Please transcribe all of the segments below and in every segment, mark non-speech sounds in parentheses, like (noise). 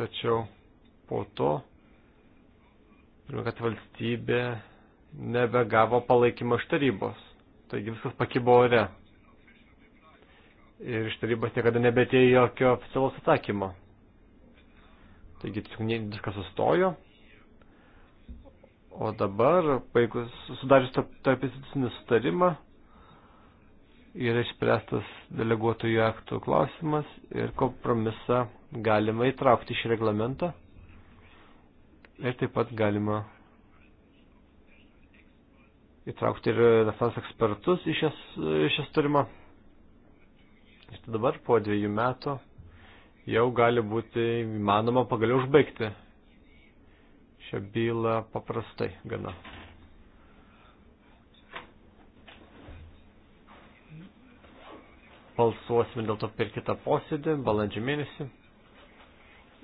tačiau po to, kad valstybė nebegavo palaikymo iš tarybos. Taigi viskas pakibo ore. Ir iš tarybos niekada nebetėjo jokio oficialaus atsakymo. Taigi viskas sustojo. O dabar, baigus sudarius tarp institucinį sutarimą, yra išspręstas deleguotojų aktų klausimas ir kompromisą galima įtraukti šį reglamentą ir taip pat galima įtraukti ir naftos ekspertus į šias, šias turimą. Ir tai dabar po dviejų metų jau gali būti įmanoma pagaliau užbaigti šią bylą paprastai gana. Balsuosime dėl to per kitą posėdį, balandžio mėnesį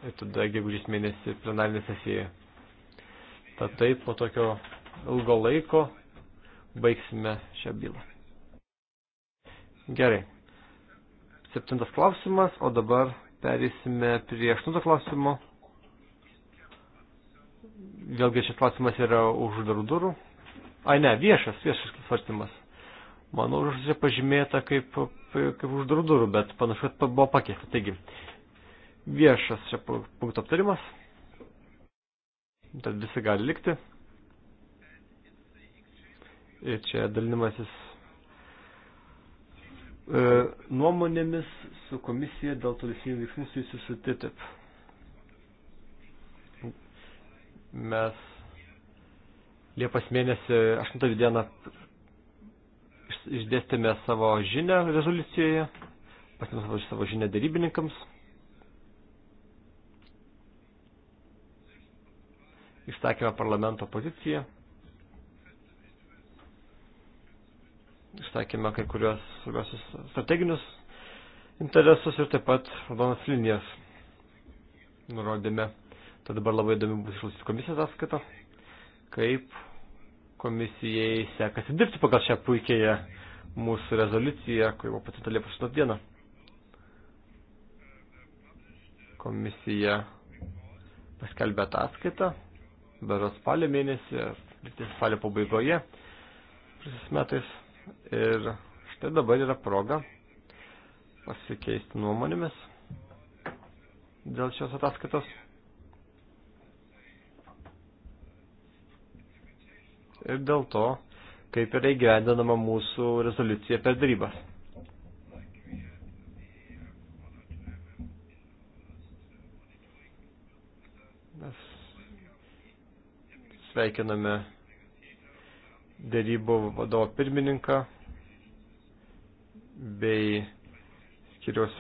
ir tada gegužės mėnesį plenarinė sesija. Tad taip po tokio ilgo laiko baigsime šią bylą. Gerai. Septintas klausimas, o dabar perėsime prie aštunto klausimo. Vėlgi šis klausimas yra už darų durų. Ai ne, viešas, viešas svarstymas. Manau, užsipažymėta kaip, kaip už darų durų, bet panašu, kad buvo pakeista. Taigi, viešas čia punkto aptarimas. Tad visi gali likti. Ir čia dalinimasis e, nuomonėmis su komisija dėl tolesnių veiksmų susijusių su TTIP. Mes Liepos mėnesį 8 dieną išdėstėme savo žinę rezoliucijoje, pasimės savo žinę darybininkams. išsakėme parlamento poziciją, išsakėme kai kurios svarbiausius strateginius interesus ir taip pat raudonas linijas nurodėme. Tad dabar labai įdomi bus išlausyti komisijos ataskaitą, kaip komisijai sekasi dirbti pagal šią puikiąją mūsų rezoliuciją, kuri buvo patvirtinta Liepos 8 dieną. Komisija paskelbė ataskaitą beros spalio mėnesį, spalio pabaigoje, prasis metais. Ir štai dabar yra proga pasikeisti nuomonėmis dėl šios ataskaitos. Ir dėl to, kaip yra įgyvendinama mūsų rezoliucija per darybas. Sveikiname dėrybų vadovo pirmininką bei skiriaus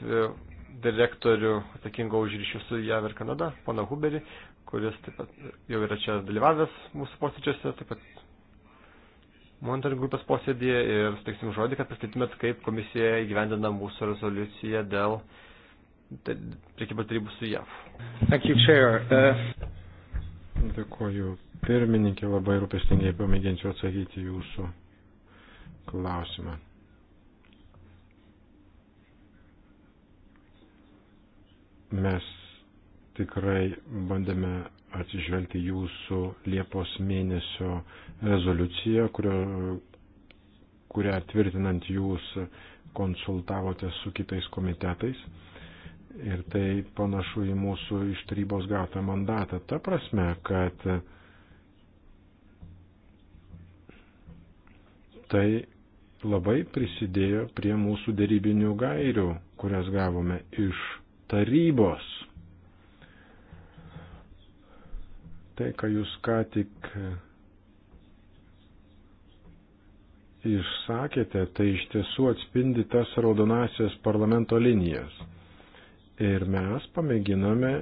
direktorių atsakingo už ryšių su JAV ir Kanada, pana Huberį, kuris taip pat jau yra čia dalyvavęs mūsų posėdžiuose, taip pat monitoring grupės posėdėje ir suteiksim žodį, kad pristatytumėt, kaip komisija įgyvendina mūsų rezoliuciją dėl prekybos darybų su JAV. Thank you, Chair. Uh... Dėkuoju, Pirmininkė, labai rūpestingai pamėginsiu atsakyti jūsų klausimą. Mes tikrai bandėme atsižvelgti jūsų Liepos mėnesio rezoliuciją, kurio, kurią tvirtinant jūs konsultavote su kitais komitetais. Ir tai panašu į mūsų iš tarybos gautą mandatą. Ta prasme, kad tai labai prisidėjo prie mūsų dėrybinių gairių, kurias gavome iš tarybos. Tai, ką jūs ką tik išsakėte, tai iš tiesų atspindi tas raudonasias parlamento linijas. Ir mes pamėginame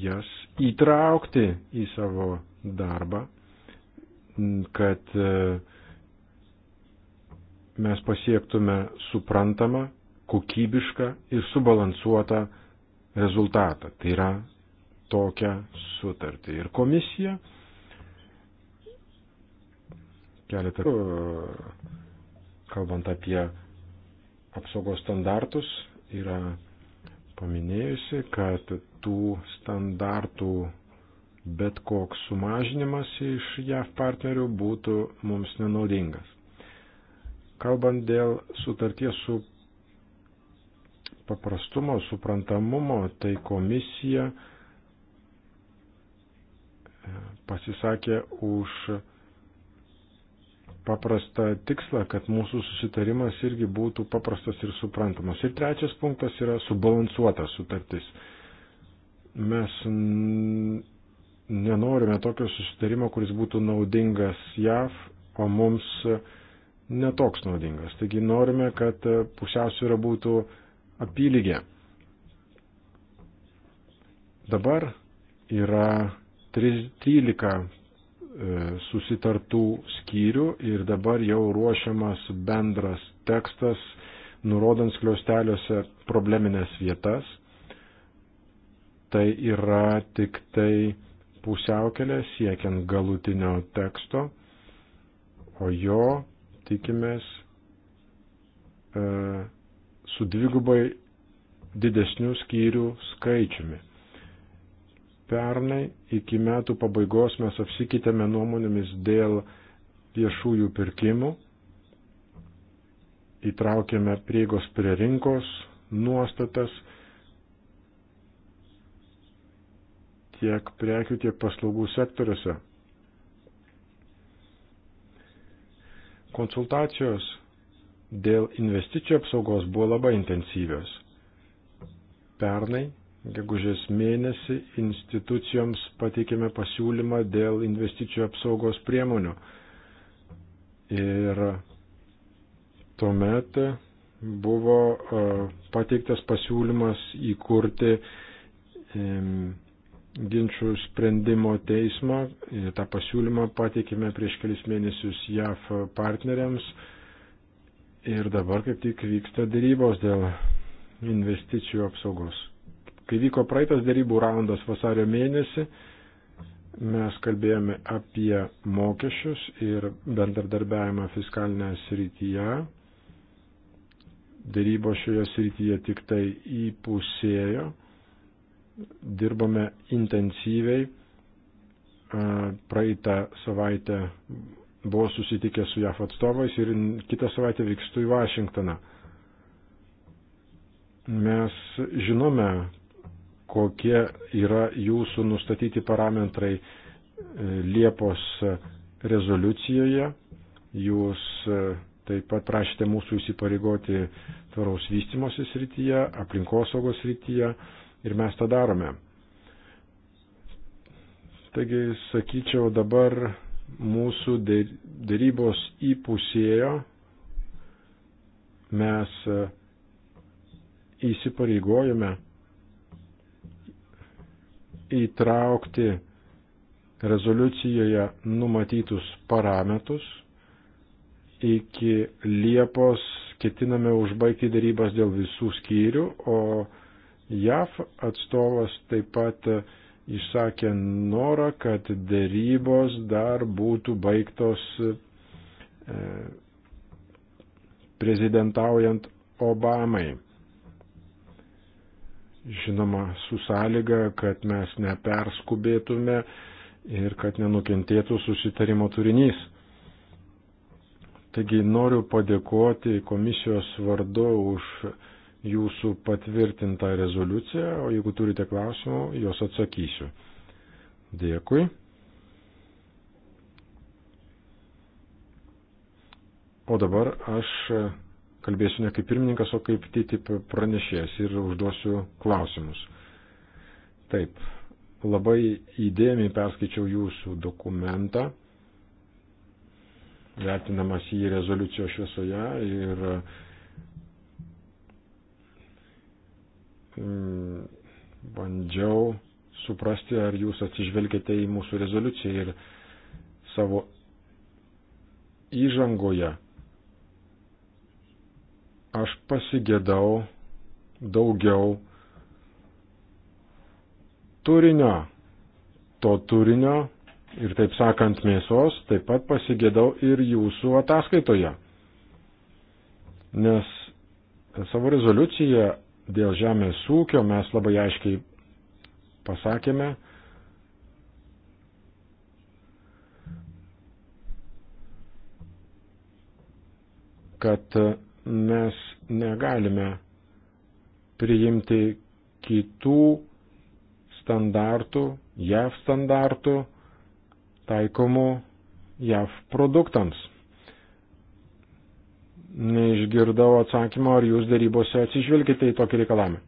jas įtraukti į savo darbą, kad uh, mes pasiektume suprantamą, kokybišką ir subalansuotą rezultatą. Tai yra tokią sutartį. Ir komisija keletą, kalbant apie apsaugos standartus, yra paminėjusi, kad tų standartų bet koks sumažinimas iš JAV partnerių būtų mums nenaudingas. Kalbant dėl sutarties su paprastumo, suprantamumo, tai komisija e, pasisakė už paprastą tikslą, kad mūsų susitarimas irgi būtų paprastas ir suprantamas. Ir trečias punktas yra subalansuotas sutartis. Mes nenorime tokio susitarimo, kuris būtų naudingas JAV, o mums uh, netoks naudingas. Taigi norime, kad pusiausvyrą būtų apylygė. Dabar yra 13 e, susitartų skyrių ir dabar jau ruošiamas bendras tekstas, nurodant skliausteliuose probleminės vietas. Tai yra tik tai pusiaukelė siekiant galutinio teksto, o jo tikimės e, su dvigubai didesnių skyrių skaičiumi. Pernai iki metų pabaigos mes apsikeitėme nuomonėmis dėl viešųjų pirkimų, įtraukėme prieigos prie rinkos nuostatas tiek prekių, tiek paslaugų sektoriuose. Konsultacijos dėl investicijų apsaugos buvo labai intensyvios. Pernai, gegužės mėnesį, institucijoms pateikėme pasiūlymą dėl investicijų apsaugos priemonių. Ir tuomet buvo e, pateiktas pasiūlymas įkurti ginčių sprendimo teismą. Tą pasiūlymą pateikėme prieš kelis mėnesius JAF partneriams ir dabar kaip tik vyksta dėrybos dėl investicijų apsaugos. Kai vyko praeitas dėrybų raundas vasario mėnesį, mes kalbėjome apie mokesčius ir bendradarbiavimą fiskalinę srityje. Dėrybos šioje srityje tik tai įpusėjo dirbome intensyviai. Praeitą savaitę buvau susitikęs su JAF atstovais ir kitą savaitę vykstu į Vašingtoną. Mes žinome, kokie yra jūsų nustatyti parametrai e, Liepos rezoliucijoje. Jūs e, taip pat prašėte mūsų įsipareigoti tvaraus vystimosi srityje, aplinkosaugos srityje. Ir mes tą darome. Taigi, sakyčiau, dabar mūsų dėrybos įpusėjo. Mes e, įsipareigojame įtraukti rezoliucijoje numatytus parametrus. Iki Liepos ketiname užbaigti darybas dėl visų skyrių, o JAF atstovas taip pat išsakė norą, kad dėrybos dar būtų baigtos e, prezidentaujant Obamai. Žinoma, su sąlyga, kad mes neperskubėtume ir kad nenukentėtų susitarimo turinys. Taigi noriu padėkoti komisijos vardu už jūsų patvirtintą rezoliuciją, o jeigu turite klausimų, juos atsakysiu. Dėkui. O dabar aš kalbėsiu ne kaip pirmininkas, o kaip TTIP pranešėjas ir užduosiu klausimus. Taip, labai įdėmiai perskaičiau jūsų dokumentą, vertinamas į rezoliucijos šviesoje ir uh, Mm, bandžiau suprasti, ar jūs atsižvelgėte į mūsų rezoliuciją ir savo įžangoje aš pasigėdau daugiau turinio, to turinio ir taip sakant mėsos, taip pat pasigėdau ir jūsų ataskaitoje. Nes savo rezoliuciją dėl žemės ūkio mes labai aiškiai pasakėme, kad mes negalime priimti kitų standartų, JAV standartų taikomų JAV produktams neišgirdau atsakymo, ar jūs darybose atsižvelgite į tokį reikalavimą.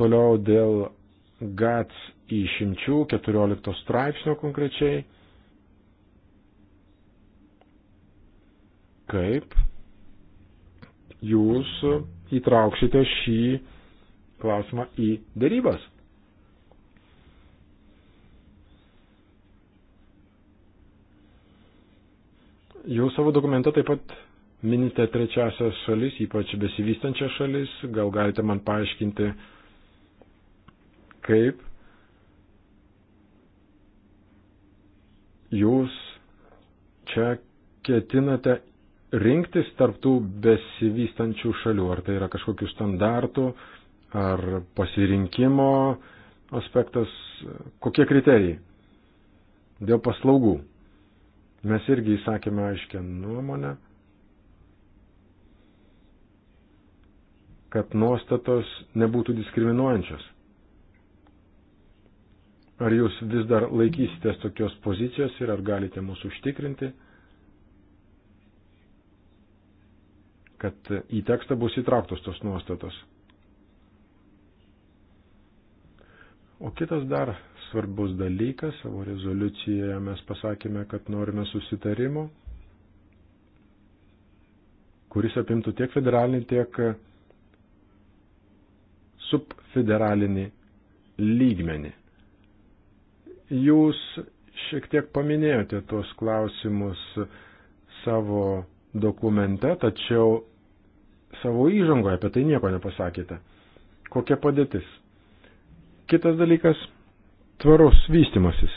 Toliau dėl GATS išimčių 14 straipsnio konkrečiai. Kaip jūs įtrauksite šį klausimą į darybas? Jūs savo dokumente taip pat minite trečiasias šalis, ypač besivystančias šalis. Gal galite man paaiškinti, kaip jūs čia ketinate rinktis tarptų besivystančių šalių? Ar tai yra kažkokių standartų, ar pasirinkimo aspektas, kokie kriterijai dėl paslaugų? Mes irgi įsakėme aiškę nuomonę, kad nuostatos nebūtų diskriminuojančios. Ar jūs vis dar laikysitės tokios pozicijos ir ar galite mūsų užtikrinti, kad į tekstą bus įtrauktos tos nuostatos? O kitas dar svarbus dalykas, savo rezoliucijoje mes pasakėme, kad norime susitarimo, kuris apimtų tiek federalinį, tiek subfederalinį lygmenį. Jūs šiek tiek paminėjote tuos klausimus savo dokumente, tačiau savo įžangoje apie tai nieko nepasakėte. Kokia padėtis? Kitas dalykas - tvarus vystimasis.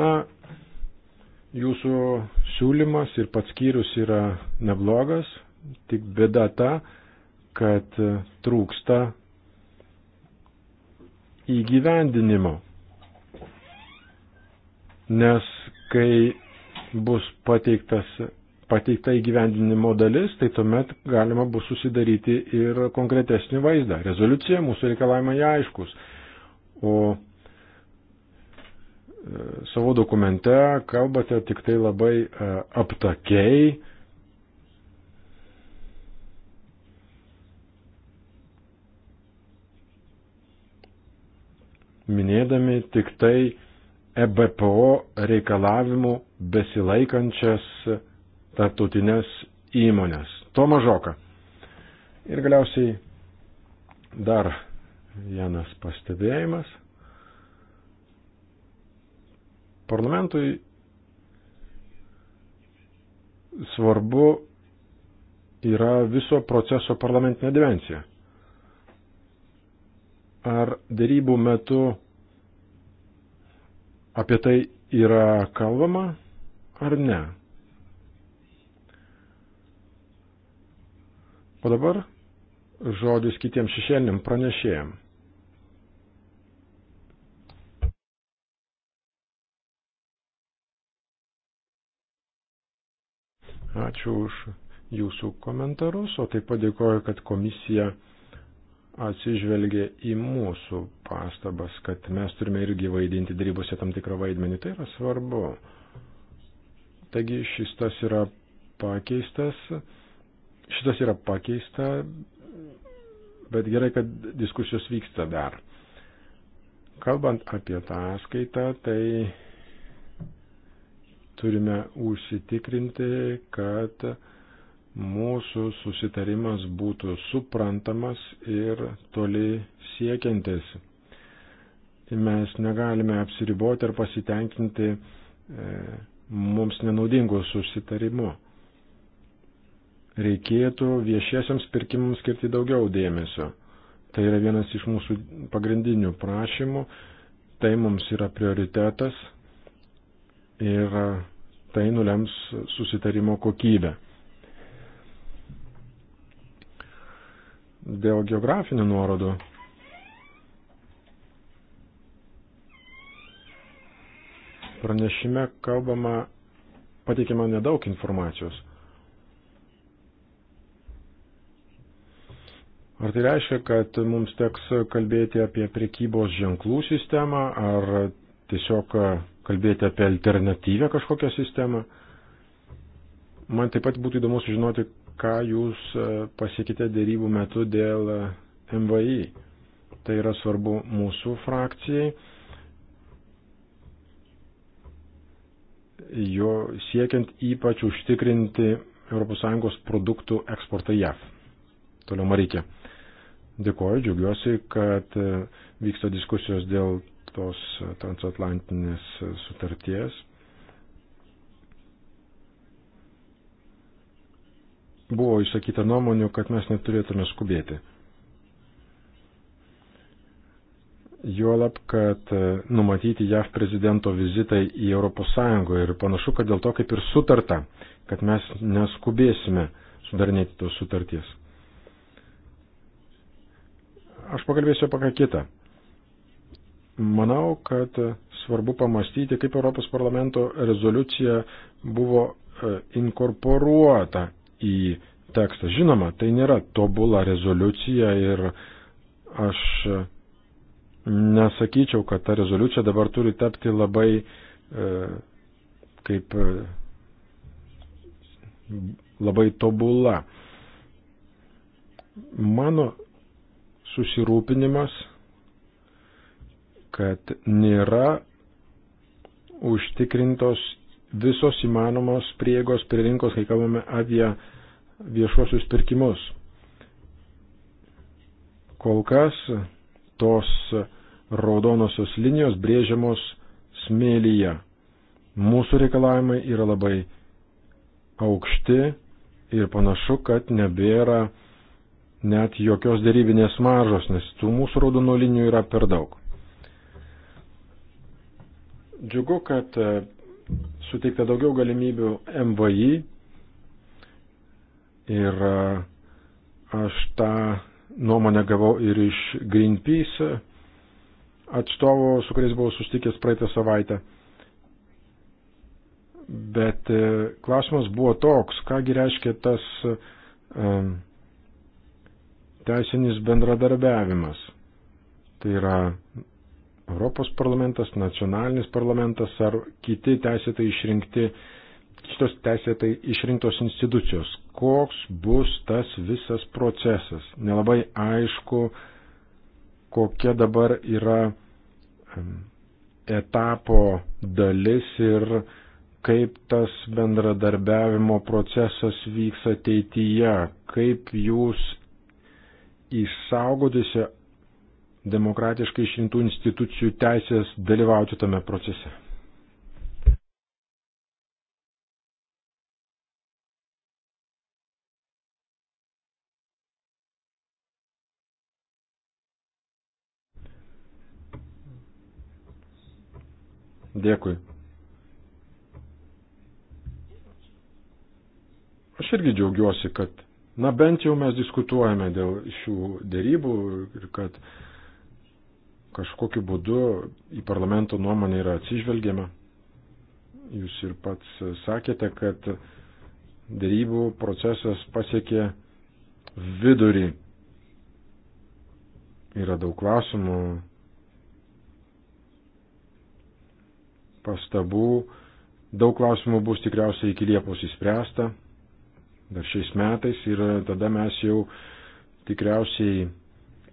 Na, jūsų siūlymas ir pats skyrius yra neblogas, tik bėda ta, kad trūksta įgyvendinimo. Nes kai bus pateiktas pateikta įgyvendinimo dalis, tai tuomet galima bus susidaryti ir konkretesnį vaizdą. Rezoliucija mūsų reikalavimai aiškus. O e, savo dokumente kalbate tik tai labai e, aptakiai. Minėdami tik tai EBPO reikalavimų besilaikančias tarptautinės įmonės. To mažoka. Ir galiausiai dar vienas pastebėjimas. Parlamentui svarbu yra viso proceso parlamentinė dimensija. Ar dėrybų metu apie tai yra kalbama ar ne? O dabar žodis kitiems šešėlim pranešėjim. Ačiū už jūsų komentarus, o taip pat dėkoju, kad komisija atsižvelgia į mūsų pastabas, kad mes turime irgi vaidinti darybose tam tikrą vaidmenį. Tai yra svarbu. Taigi šis tas yra pakeistas Šitas yra pakeista, bet gerai, kad diskusijos vyksta dar. Kalbant apie tą skaitą, tai turime užsitikrinti, kad mūsų susitarimas būtų suprantamas ir toli siekiantis. Mes negalime apsiriboti ar pasitenkinti e, mums nenaudingų susitarimu reikėtų viešiesiams pirkimams skirti daugiau dėmesio. Tai yra vienas iš mūsų pagrindinių prašymų, tai mums yra prioritetas ir tai nulems susitarimo kokybę. Dėl geografinių nuorodų. Pranešime kalbama, pateikima nedaug informacijos. Ar tai reiškia, kad mums teks kalbėti apie prekybos ženklų sistemą, ar tiesiog kalbėti apie alternatyvę kažkokią sistemą? Man taip pat būtų įdomu sužinoti, ką jūs e, pasiekite dėrybų metu dėl e, MVI. Tai yra svarbu mūsų frakcijai. Jo siekiant ypač užtikrinti ES produktų eksportą JAV. Toliau Marykė. Dėkuoju, džiaugiuosi, kad e, vyksta diskusijos dėl tos transatlantinės sutarties. Buvo išsakyta nuomonių, kad mes neturėtume skubėti. Juolab, kad e, numatyti JAV prezidento vizitai į ES ir panašu, kad dėl to kaip ir sutarta, kad mes neskubėsime sudarinėti tos sutarties. Aš pakalbėsiu apie ką kitą. Manau, kad svarbu pamastyti, kaip Europos parlamento rezoliucija buvo e, inkorporuota į tekstą. Žinoma, tai nėra tobula rezoliucija ir aš e, nesakyčiau, kad ta rezoliucija dabar turi tapti labai e, kaip labai tobula. Mano susirūpinimas, kad nėra užtikrintos visos įmanomos priegos prie rinkos, kai kalbame apie viešuosius pirkimus. Kol kas tos raudonosios linijos brėžiamos smėlyje. Mūsų reikalavimai yra labai aukšti ir panašu, kad nebėra net jokios dėrybinės maržos, nes tų mūsų raudonų linijų yra per daug. Džiugu, kad e, suteikta daugiau galimybių MVI ir e, aš tą nuomonę gavau ir iš Greenpeace atstovų, su kuriais buvau sustikęs praeitą savaitę. Bet e, klausimas buvo toks, kągi reiškia tas um, teisinis bendradarbiavimas. Tai yra Europos parlamentas, nacionalinis parlamentas ar kiti teisėtai išrinkti, kitos teisėtai išrinktos institucijos. Koks bus tas visas procesas? Nelabai aišku, kokia dabar yra etapo dalis ir kaip tas bendradarbiavimo procesas vyks ateityje, kaip jūs išsaugoti šią demokratiškai išrinktų institucijų teisės dalyvauti tame procese. Dėkui. Aš irgi džiaugiuosi, kad Na bent jau mes diskutuojame dėl šių dėrybų ir kad kažkokiu būdu į parlamento nuomonę yra atsižvelgiama. Jūs ir pats sakėte, kad dėrybų procesas pasiekė vidurį. Yra daug klausimų, pastabų, daug klausimų bus tikriausiai iki Liepos įspręsta dar šiais metais ir tada mes jau tikriausiai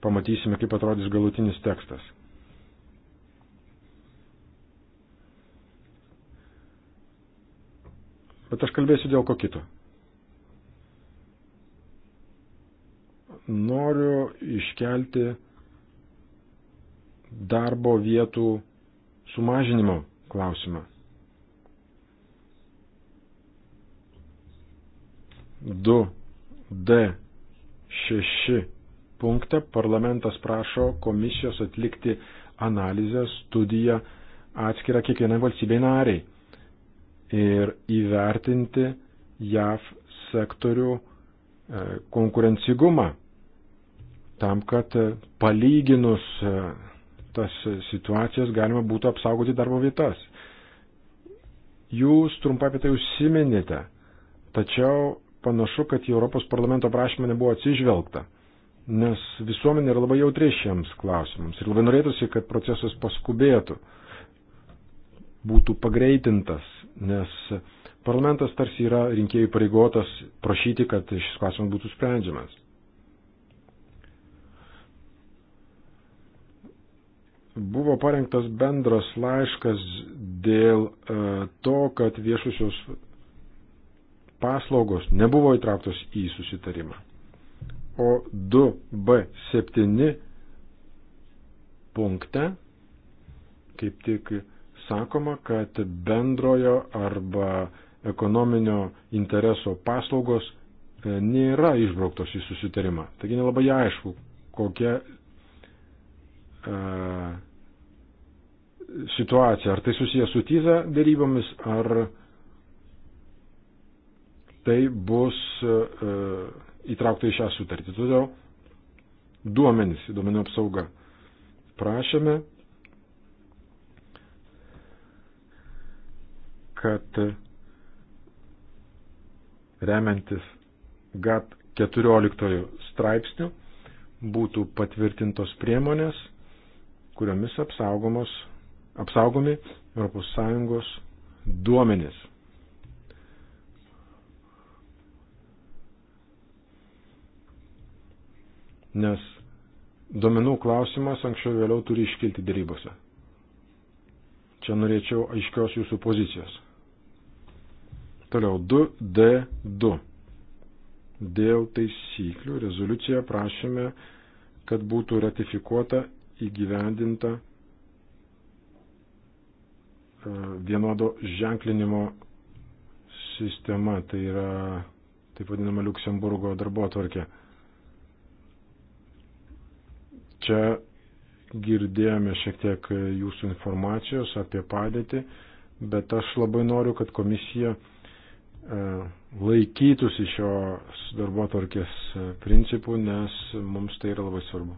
pamatysime, kaip atrodys galutinis tekstas. Bet aš kalbėsiu dėl ko kito. Noriu iškelti darbo vietų sumažinimo klausimą. 2D6 punktą parlamentas prašo komisijos atlikti analizę, studiją atskirą kiekvienai valstybei nariai ir įvertinti JAV sektorių e, konkurencigumą, tam, kad e, palyginus e, tas situacijas galima būtų apsaugoti darbo vietas. Jūs trumpai apie tai užsiminėte, tačiau panašu, kad į Europos parlamento prašymą nebuvo atsižvelgta, nes visuomenė yra labai jautri šiems klausimams ir labai norėtųsi, kad procesas paskubėtų, būtų pagreitintas, nes parlamentas tarsi yra rinkėjų pareigotas prašyti, kad šis klausimas būtų sprendžiamas. Buvo parengtas bendras laiškas dėl e, to, kad viešusios paslaugos nebuvo įtrauktos į susitarimą. O 2b7 punkte kaip tik sakoma, kad bendrojo arba ekonominio intereso paslaugos e, nėra išbrauktos į susitarimą. Taigi nelabai aišku, kokia e, situacija, ar tai susijęs su tyza darybomis, ar tai bus e, e, įtraukta į šią sutartį. Todėl duomenys, duomenų apsauga. Prašėme, kad e, remiantis GAT 14 straipsnių būtų patvirtintos priemonės, kuriomis apsaugomi ES duomenys. nes duomenų klausimas anksčiau vėliau turi iškilti dėrybose. Čia norėčiau aiškios jūsų pozicijos. Toliau 2D2. Dėl taisyklių rezoliuciją prašėme, kad būtų ratifikuota įgyvendinta e, vienodo ženklinimo sistema, tai yra taip vadinama Luksemburgo darbo atvarkė. Čia girdėjome šiek tiek jūsų informacijos apie padėtį, bet aš labai noriu, kad komisija e, laikytųsi šios darbo tvarkės e, principų, nes mums tai yra labai svarbu.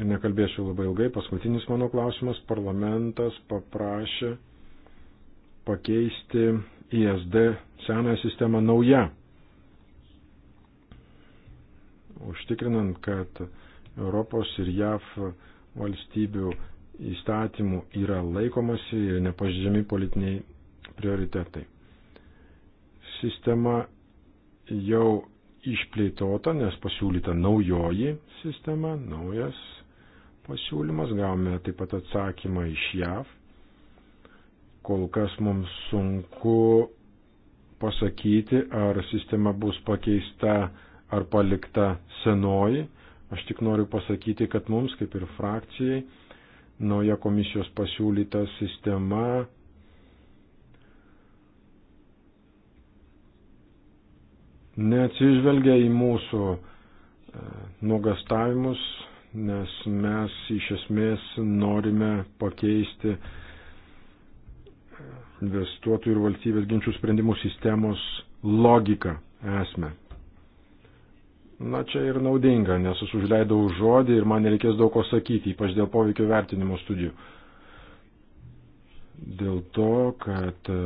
Ir nekalbėsiu labai ilgai, paskutinis mano klausimas. Parlamentas paprašė pakeisti ISD senąją sistemą naują užtikrinant, kad Europos ir JAV valstybių įstatymų yra laikomasi ir nepažydžiami politiniai prioritetai. Sistema jau išplėtota, nes pasiūlyta naujoji sistema, naujas pasiūlymas, gavome taip pat atsakymą iš JAV. Kol kas mums sunku pasakyti, ar sistema bus pakeista ar palikta senoji. Aš tik noriu pasakyti, kad mums, kaip ir frakcijai, nauja komisijos pasiūlyta sistema neatsižvelgia į mūsų e, nuogastavimus, nes mes iš esmės norime pakeisti e, investuotojų ir valstybės ginčių sprendimų sistemos logiką esmę. Na čia ir naudinga, nes aš užleidau žodį ir man nereikės daug ko sakyti, ypač dėl poveikio vertinimo studijų. Dėl to, kad e,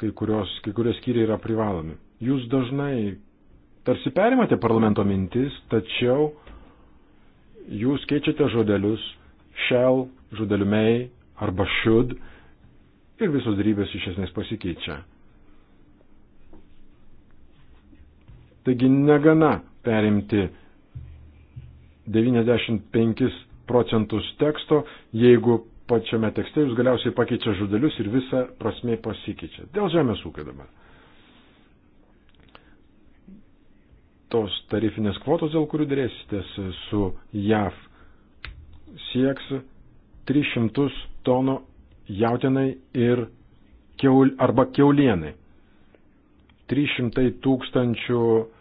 kai, kurios, kai kurie skyriai yra privalomi. Jūs dažnai tarsi perimate parlamento mintis, tačiau jūs keičiate žodelius shall, žodeliu may arba should ir visos darybės iš esmės pasikeičia. Taigi negana perimti 95 procentus teksto, jeigu pačiame tekste jūs galiausiai pakeičia žodelius ir visa prasme pasikeičia. Dėl žemės ūkio dabar. Tos tarifinės kvotos, dėl kurių dėrėsitės su JAV, sieks 300 tonų jautinai ir keul, arba keulienai. 300 tūkstančių 000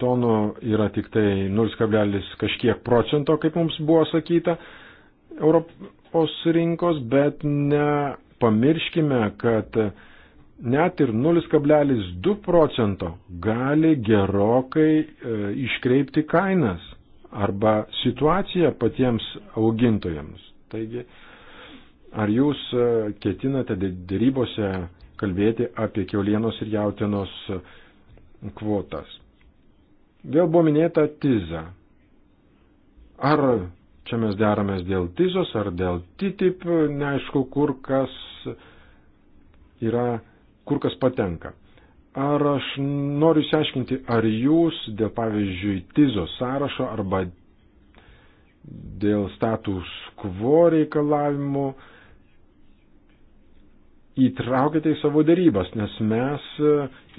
tonų yra tik tai 0, kažkiek procento, kaip mums buvo sakyta, Europos rinkos, bet nepamirškime, kad net ir 0,2 procento gali gerokai e, iškreipti kainas arba situaciją patiems augintojams. Taigi, ar jūs e, ketinate dėrybose kalbėti apie keulienos ir jautienos kvotas? Vėl buvo minėta tiza. Ar čia mes deramės dėl tizos ar dėl TTIP, neaišku, kur kas yra, kur kas patenka. Ar aš noriu išsiaiškinti, ar jūs dėl pavyzdžiui tizos sąrašo arba dėl status quo reikalavimų įtraukite į savo darybas, nes mes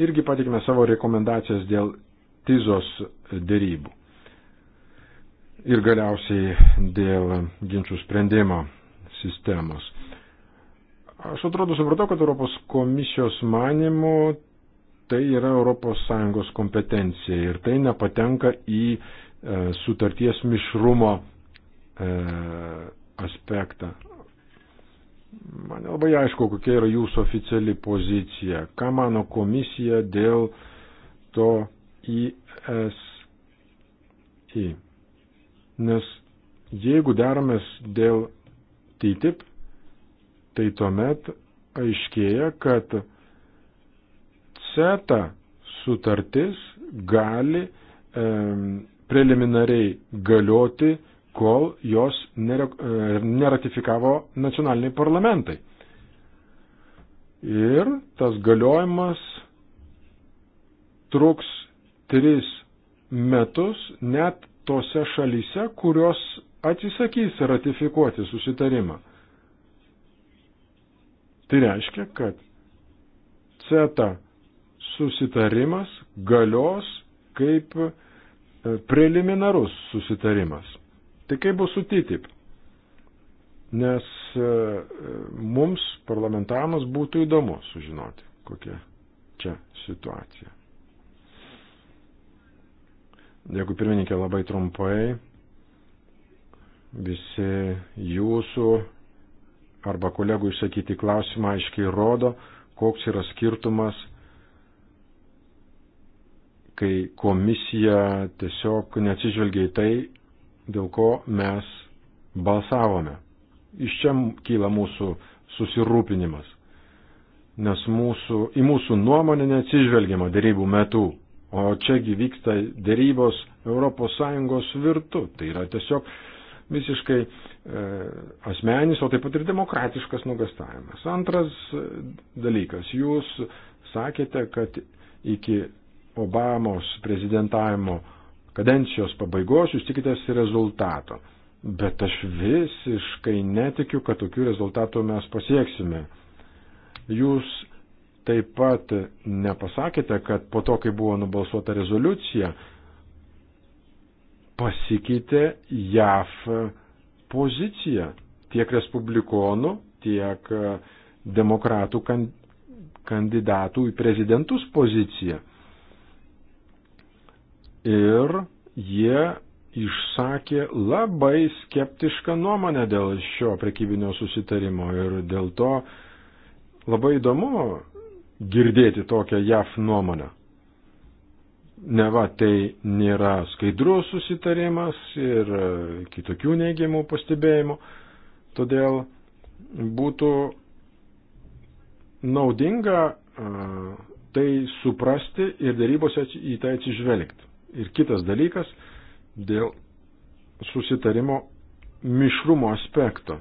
irgi patikime savo rekomendacijas dėl tizos dėrybų. Ir galiausiai dėl ginčių sprendimo sistemos. Aš atrodo supratau, kad Europos komisijos manimo tai yra ES kompetencija ir tai nepatenka į e, sutarties mišrumo e, aspektą. Man labai aišku, kokia yra jūsų oficiali pozicija, ką mano komisija dėl to ISI. E. Nes jeigu deramės dėl TTIP, tai tuomet aiškėja, kad CETA sutartis gali e, preliminariai galioti, kol jos e, neratifikavo nacionaliniai parlamentai. Ir tas galiojimas truks tris metus net tose šalyse, kurios atsisakys ratifikuoti susitarimą. Tai reiškia, kad CETA susitarimas galios kaip e, preliminarus susitarimas. Tai kaip bus su TTIP? Nes e, e, mums, parlamentarams, būtų įdomu sužinoti, kokia čia situacija. Dėkui pirmininkė labai trumpai. Visi jūsų arba kolegų išsakyti klausimą aiškiai rodo, koks yra skirtumas, kai komisija tiesiog neatsižvelgia į tai, dėl ko mes balsavome. Iš čia kyla mūsų susirūpinimas, nes mūsų, į mūsų nuomonę neatsižvelgiama dėrybų metu. O čiagi vyksta dėrybos ES virtu. Tai yra tiesiog visiškai e, asmenis, o taip pat ir demokratiškas nugastavimas. Antras e, dalykas. Jūs sakėte, kad iki Obamos prezidentavimo kadencijos pabaigos jūs tikitės rezultato. Bet aš visiškai netikiu, kad tokių rezultatų mes pasieksime. Jūs taip pat nepasakėte, kad po to, kai buvo nubalsuota rezoliucija, pasikeitė JAF pozicija tiek respublikonų, tiek demokratų kandidatų į prezidentus poziciją. Ir jie išsakė labai skeptišką nuomonę dėl šio prekybinio susitarimo ir dėl to labai įdomu girdėti tokią JAF nuomonę. Neva tai nėra skaidrus susitarimas ir e, kitokių neigiamų pastebėjimų, todėl būtų naudinga e, tai suprasti ir darybose į tai atsižvelgti. Ir kitas dalykas dėl susitarimo mišrumo aspekto.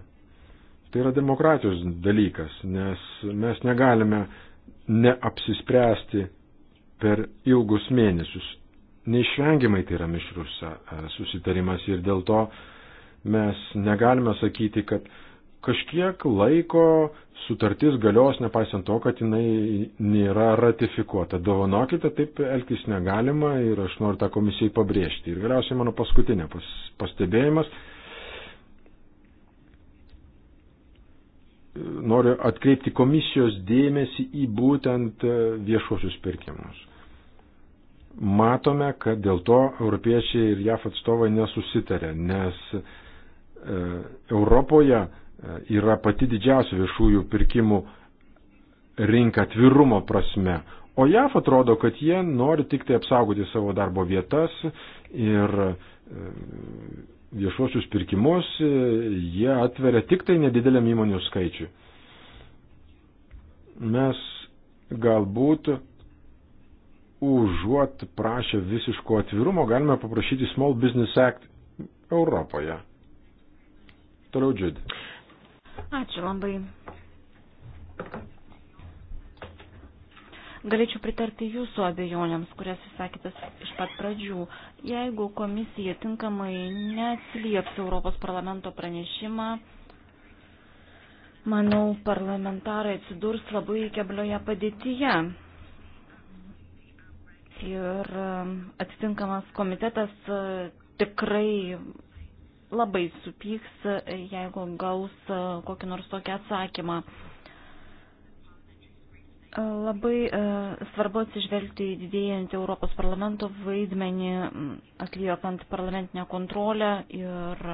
Tai yra demokratijos dalykas, nes mes negalime uh, neapsispręsti per ilgus mėnesius. Neišvengiamai tai yra mišrus susitarimas ir dėl to mes negalime sakyti, kad kažkiek laiko sutartis galios, nepaisant to, kad jinai nėra ratifikuota. Dovanokite, taip elgtis negalima ir aš noriu tą komisijai pabrėžti. Ir galiausiai mano paskutinė pas, pastebėjimas noriu atkreipti komisijos dėmesį į būtent e, viešuosius pirkimus. Matome, kad dėl to europiečiai ir JAF atstovai nesusitarė, nes e, Europoje e, yra pati didžiausia viešųjų pirkimų rinka atvirumo prasme, o JAF atrodo, kad jie nori tik tai apsaugoti savo darbo vietas ir viešuosius pirkimus, e, jie atveria tik tai nedideliam įmonių skaičiui. Mes galbūt užuot prašę visiško atvirumo, galime paprašyti Small Business Act Europoje. Toliau džiūdė. Ačiū labai. Galėčiau pritarti jūsų abejonėms, kurias išsakėtas iš pat pradžių. Jeigu komisija tinkamai neatsilieps Europos parlamento pranešimą, manau, parlamentarai atsidurs labai keblioje padėtyje. Ir um, atitinkamas komitetas uh, tikrai labai supyks, uh, jeigu gaus uh, kokį nors tokį atsakymą. Labai e, svarbu atsižvelgti į didėjantį Europos parlamento vaidmenį, atliekant parlamentinę kontrolę ir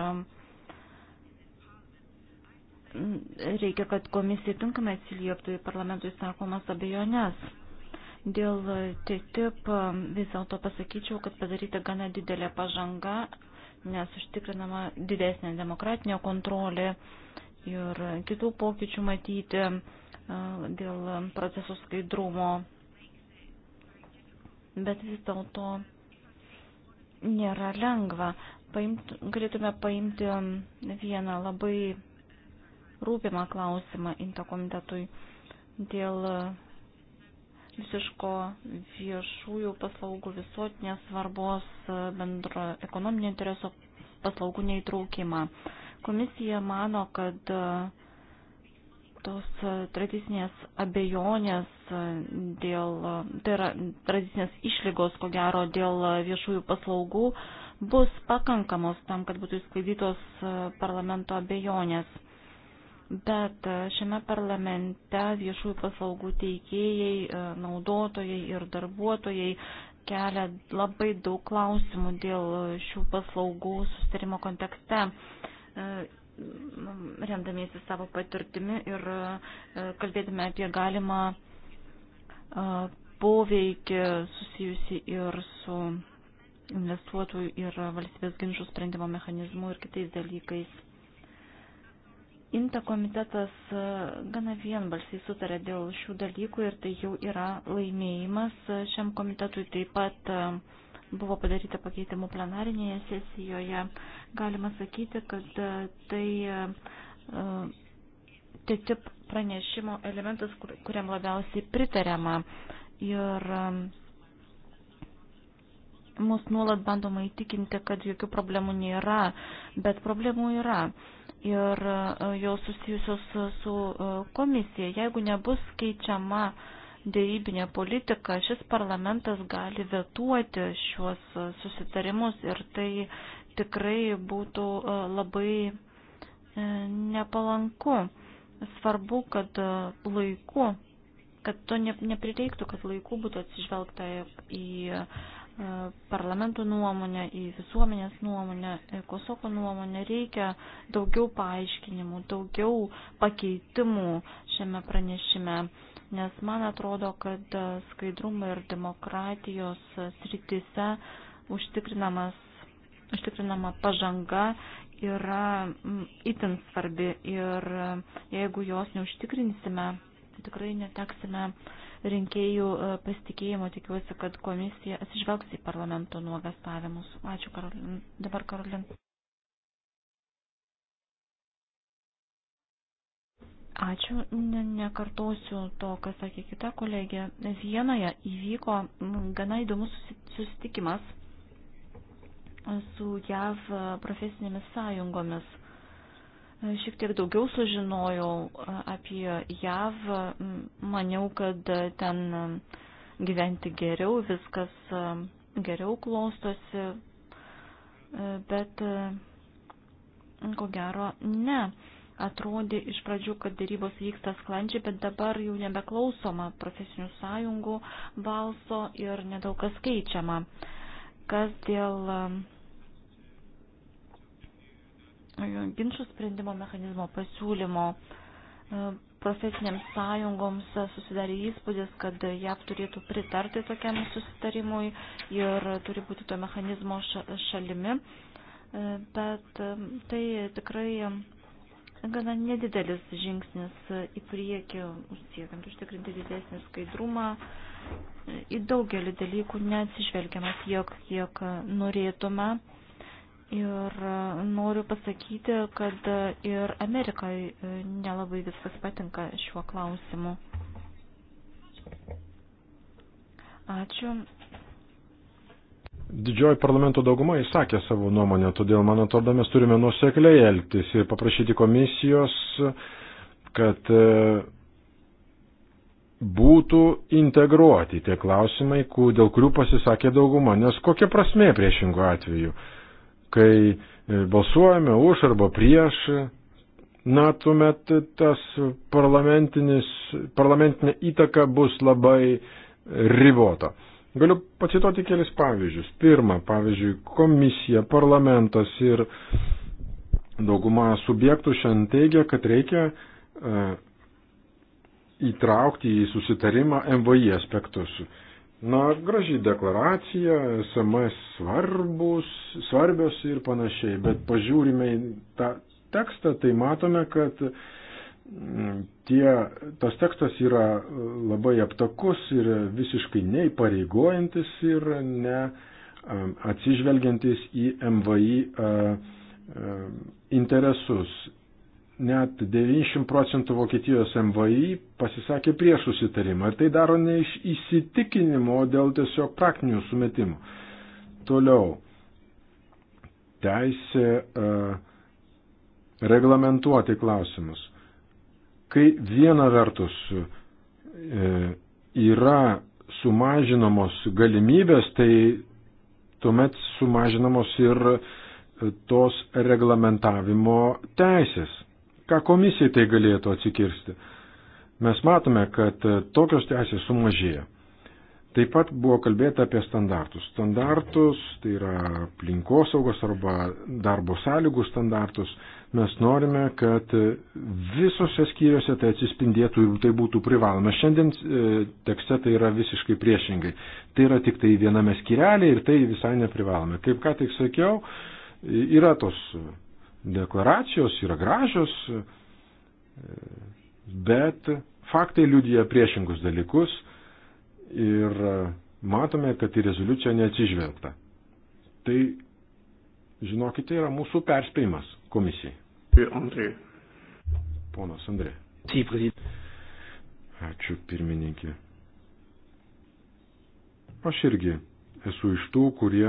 reikia, kad komisija tinkamai atsilieptų į parlamentui sakomas abejonės. Dėl TTIP e, vis dėlto pasakyčiau, kad padaryta gana didelė pažanga, nes užtikrinama didesnė demokratinė kontrolė ir kitų pokyčių matyti dėl procesų skaidrumo. Bet vis dėlto nėra lengva. Paimt, galėtume paimti vieną labai rūpimą klausimą intakomitetui dėl visiško viešųjų paslaugų visuotinės svarbos bendro ekonominio intereso paslaugų neįtraukimą. Komisija mano, kad uh, tos e, tradicinės abejonės e, dėl, tai yra tradicinės išlygos, ko gero, dėl viešųjų paslaugų bus pakankamos tam, kad būtų išsklaidytos e, parlamento abejonės. Bet šiame parlamente viešųjų paslaugų teikėjai, naudotojai ir darbuotojai kelia labai daug klausimų dėl šių paslaugų sustarimo kontekste Nu, remdamiesi savo patirtimi ir e, kalbėtume apie galimą e, poveikį susijusi ir su investuotojų ir valstybės ginčių sprendimo mechanizmu ir kitais dalykais. Inta komitetas e, gana vienbalsiai sutarė dėl šių dalykų ir tai jau yra laimėjimas šiam komitetui taip pat uh, buvo padaryta pakeitimų plenarinėje sesijoje. Galima sakyti, kad e, tai e, TTIP pranešimo elementas, kur, kuriam labiausiai pritariama. Ir e, mus nuolat bandoma įtikinti, kad jokių problemų nėra, bet problemų yra ir jos susijusios su komisija. Jeigu nebus keičiama uh, dėrybinė politika, šis parlamentas gali vetuoti šiuos susitarimus ir tai tikrai būtų e, labai e, nepalanku. Svarbu, kad e, laiku, kad to neprireiktų, kad laiku būtų atsižvelgta į parlamentų nuomonę, į visuomenės nuomonę, Kosoko nuomonę, reikia daugiau paaiškinimų, daugiau pakeitimų šiame pranešime nes man atrodo, kad skaidrumo ir demokratijos sritise užtikrinamas, užtikrinama pažanga yra mm, itin svarbi ir jeigu jos neužtikrinsime, tai tikrai neteksime rinkėjų e, pasitikėjimo. Tikiuosi, kad komisija atsižvelgs į parlamento nuogastavimus. Ačiū, Karolin. Dabar, Karolin. Ačiū, ne, nekartosiu to, ką sakė kita kolegė. Vienoje įvyko gana įdomus susitikimas su JAV profesinėmis sąjungomis. Šiek tiek daugiau sužinojau apie JAV, maniau, kad ten gyventi geriau, viskas geriau klostosi, bet ko gero ne. Atrodė iš pradžių, kad dėrybos vyksta sklandžiai, bet dabar jau nebeklausoma profesinių sąjungų balso ir nedaug kas keičiama. Kas dėl e, ginčių sprendimo mechanizmo pasiūlymo e, profesinėms sąjungoms susidarė įspūdis, kad JAV turėtų pritarti tokiam susitarimui ir turi būti to mechanizmo šalimi, e, bet tai tikrai gana nedidelis žingsnis į priekį, siekiant užtikrinti didesnį skaidrumą. Į daugelį dalykų neatsižvelgiama tiek, kiek norėtume. Ir noriu pasakyti, kad ir Amerikai e, nelabai viskas patinka šiuo klausimu. Ačiū didžioji parlamento dauguma įsakė savo nuomonę, todėl, man atrodo, mes turime nusekliai elgtis ir paprašyti komisijos, kad e, būtų integruoti tie klausimai, dėl kurių pasisakė dauguma. Nes kokia prasme priešingų atveju, kai e, balsuojame už arba prieš, na, tuomet tas parlamentinė įtaka bus labai ribota. Galiu pacituoti kelis pavyzdžius. Pirma, pavyzdžiui, komisija, parlamentas ir dauguma subjektų šiandien teigia, kad reikia e, įtraukti į susitarimą MVI aspektus. Na, graži deklaracija, SMS svarbus, svarbios ir panašiai, bet pažiūrime į tą tekstą, tai matome, kad e, Mm, tie, tas tekstas yra e, labai aptakus ir visiškai neįpareigojantis ir ne e, atsižvelgiantis į MVI e, interesus. Net 90 procentų Vokietijos MVI pasisakė prieš susitarimą ir tai daro ne iš įsitikinimo, o dėl tiesiog praktinių sumetimų. Toliau, teisė reglamentuoti klausimus Kai viena vertus e, yra sumažinamos galimybės, tai tuomet sumažinamos ir e, tos reglamentavimo teisės. Ką komisijai tai galėtų atsikirsti? Mes matome, kad e, tokios teisės sumažėja. Taip pat buvo kalbėta apie standartus. Standartus, tai yra aplinkosaugos arba darbo sąlygų standartus, mes norime, kad visose skyriuose tai atsispindėtų ir tai būtų privaloma. Šiandien e, tekste tai yra visiškai priešingai. Tai yra tik tai viename skyrelė ir tai visai neprivalome. Kaip ką tik sakiau, yra tos deklaracijos, yra gražios, e, bet faktai liudija priešingus dalykus ir matome, kad į rezoliuciją neatsižvelgta. Tai, žinokite, yra mūsų perspėjimas komisijai. Andrė. Ponas Andrė. Ačiū pirmininkė. Aš irgi esu iš tų, kurie,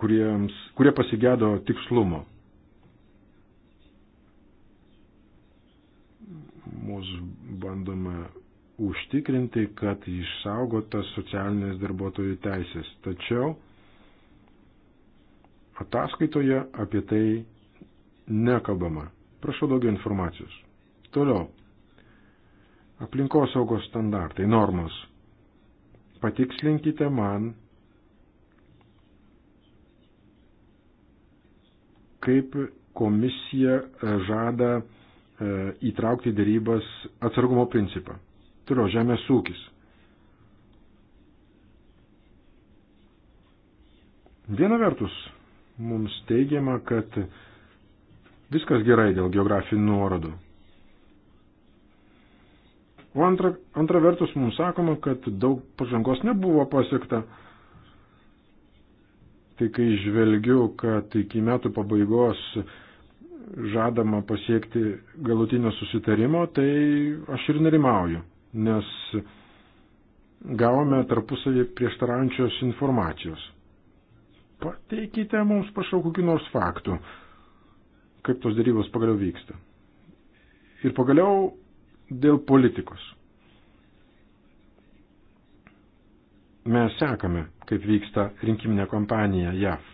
kuriems, kurie pasigėdo tikslumo. Mūsų bandome užtikrinti, kad išsaugotas socialinės darbuotojų teisės. Tačiau ataskaitoje apie tai nekalbama. Prašau daugiau informacijos. Toliau. Aplinkosaugos standartai, normos. Patikslinkite man, kaip komisija žada e, įtraukti dėrybas atsargumo principą. Toliau žemės ūkis. Viena vertus, mums teigiama, kad viskas gerai dėl geografinių nuorodų. O antra, antra vertus, mums sakoma, kad daug pažangos nebuvo pasiekta. Tai kai žvelgiu, kad iki metų pabaigos žadama pasiekti galutinio susitarimo, tai aš ir nerimauju nes gavome tarpusavį prieštarančios informacijos. Pateikite mums, prašau, kokiu nors faktų, kaip tos dėrybos pagaliau vyksta. Ir pagaliau dėl politikos. Mes sekame, kaip vyksta rinkiminė kampanija JAV.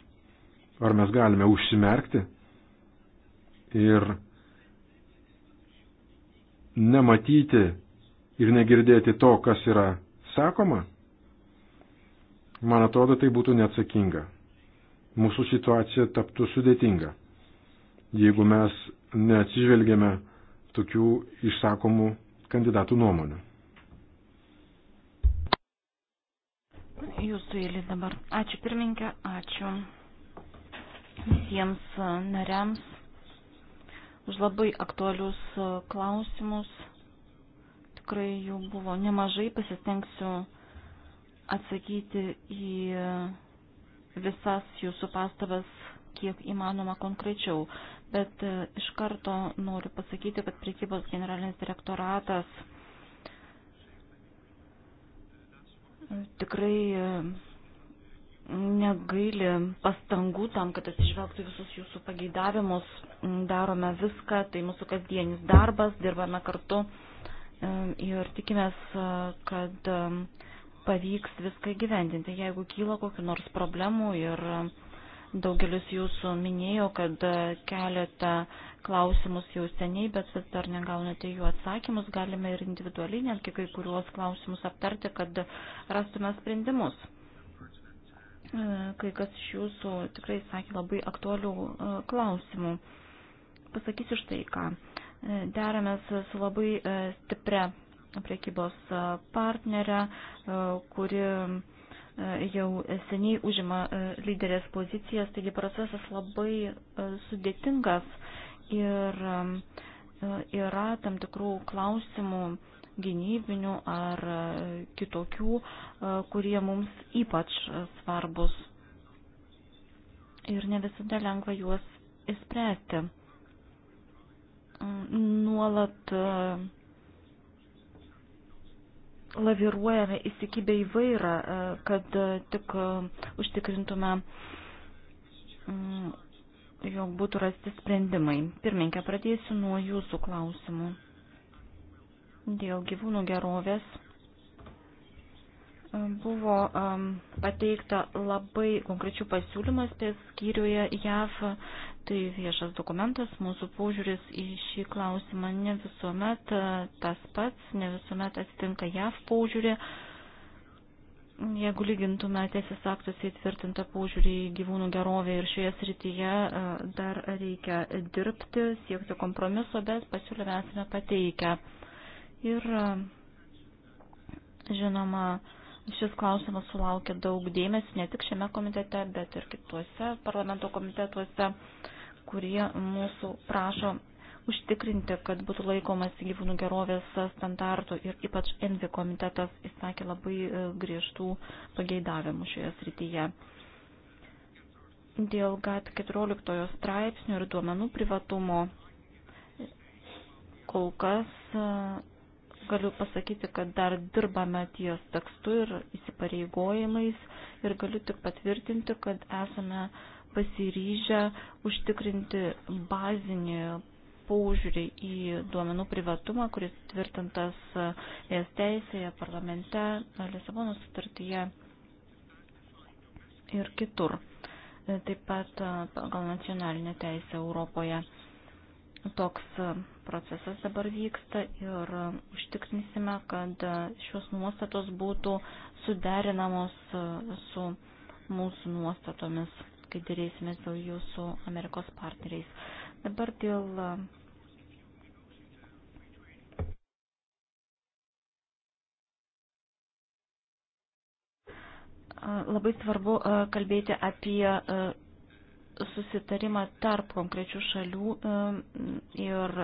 Ar mes galime užsimerkti ir nematyti ir negirdėti to, kas yra sakoma, man atrodo, tai būtų neatsakinga. Mūsų situacija taptų sudėtinga, jeigu mes neatsižvelgėme tokių išsakomų kandidatų nuomonių. Jūsų eilė dabar. Ačiū pirmininkė, ačiū visiems e, nariams už labai aktualius e, klausimus tikrai jų buvo nemažai, pasistengsiu atsakyti į visas jūsų pastabas kiek įmanoma konkrečiau. Bet e, iš karto noriu pasakyti, kad priekybos generalinis direktoratas e, tikrai e, negaili pastangų tam, kad atsižvelgtų visus jūsų pageidavimus. Darome viską, tai mūsų kasdienis darbas, dirbame kartu ir tikimės, kad pavyks viską gyvendinti. Jeigu kyla kokiu nors problemu ir daugelis jūsų minėjo, kad keletą klausimus jau seniai, bet vis dar negaunate jų atsakymus, galime ir individualiai netgi kai kuriuos klausimus aptarti, kad rastume sprendimus. E, kai kas iš jūsų tikrai sakė labai aktualių e, klausimų. Pasakysiu štai ką deramės su labai e, stipria priekybos e, partnerė, e, kuri jau seniai užima lyderės pozicijas, taigi procesas labai sudėtingas ir yra tam tikrų klausimų gynybinių ar kitokių, kurie mums ypač svarbus. Ir ne visada lengva juos įspręsti nuolat e, laviruojame įsikibę į vairą, e, kad e, tik užtikrintume, mm, jog būtų rasti sprendimai. Pirminkė, pradėsiu nuo jūsų klausimų. Dėl gyvūnų gerovės buvo pateikta labai konkrečių pasiūlymas, skyriuje JAV Tai viešas dokumentas, mūsų požiūris į šį klausimą ne visuomet e, tas pats, ne visuomet atitinka JAV požiūrį. Jeigu lygintume teisės aktuose įtvirtintą požiūrį į gyvūnų gerovę ir šioje srityje e, dar reikia dirbti, siekti kompromiso, bet pasiūlymą esame pateikę. Ir e, žinoma, Šis klausimas sulaukė daug dėmesio ne tik šiame komitete, bet ir kituose parlamento komitetuose, kurie mūsų prašo užtikrinti, kad būtų laikomas gyvūnų gerovės standartų ir ypač Envi komitetas įsakė labai e, griežtų pageidavimų šioje srityje. Dėl GAT 14 straipsnių ir duomenų privatumo kol kas e, galiu pasakyti, kad dar dirbame ties tekstu ir įsipareigojimais ir galiu tik patvirtinti, kad esame pasiryžę užtikrinti bazinį paužiūrį į duomenų privatumą, kuris tvirtintas ES teisėje, parlamente, Lisabono sutartyje ir kitur. Taip pat pagal nacionalinę teisę Europoje. Toks e, procesas dabar vyksta ir e, užtikrinsime, kad e, šios nuostatos būtų suderinamos su mūsų nuostatomis, kai dėrėsime dėl jų su Amerikos partneriais. Dabar dėl labai svarbu kalbėti apie susitarimą tarp konkrečių šalių ir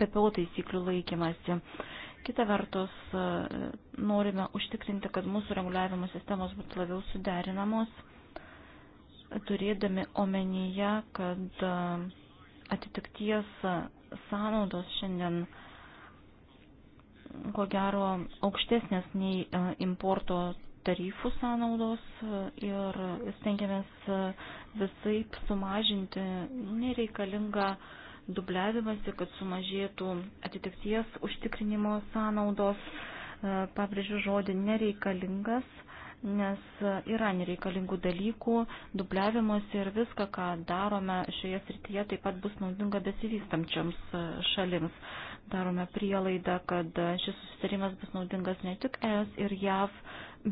PPO taisyklių laikymasi. Kita vertus, e, norime užtikrinti, kad mūsų reguliavimo sistemos būtų labiau suderinamos, turėdami omenyje, kad e, atitikties sąnaudos šiandien ko gero aukštesnės nei e, importo tarifų sąnaudos e, ir stengiamės e, visaip sumažinti nereikalingą dubliavimąsi, kad sumažėtų atitikties užtikrinimo sąnaudos. E, pabrėžiu žodį nereikalingas, nes yra nereikalingų dalykų, dubliavimas ir viską, ką darome šioje srityje, taip pat bus naudinga besivystamčiams šalims. Darome prielaidą, kad šis susitarimas bus naudingas ne tik ES ir JAV,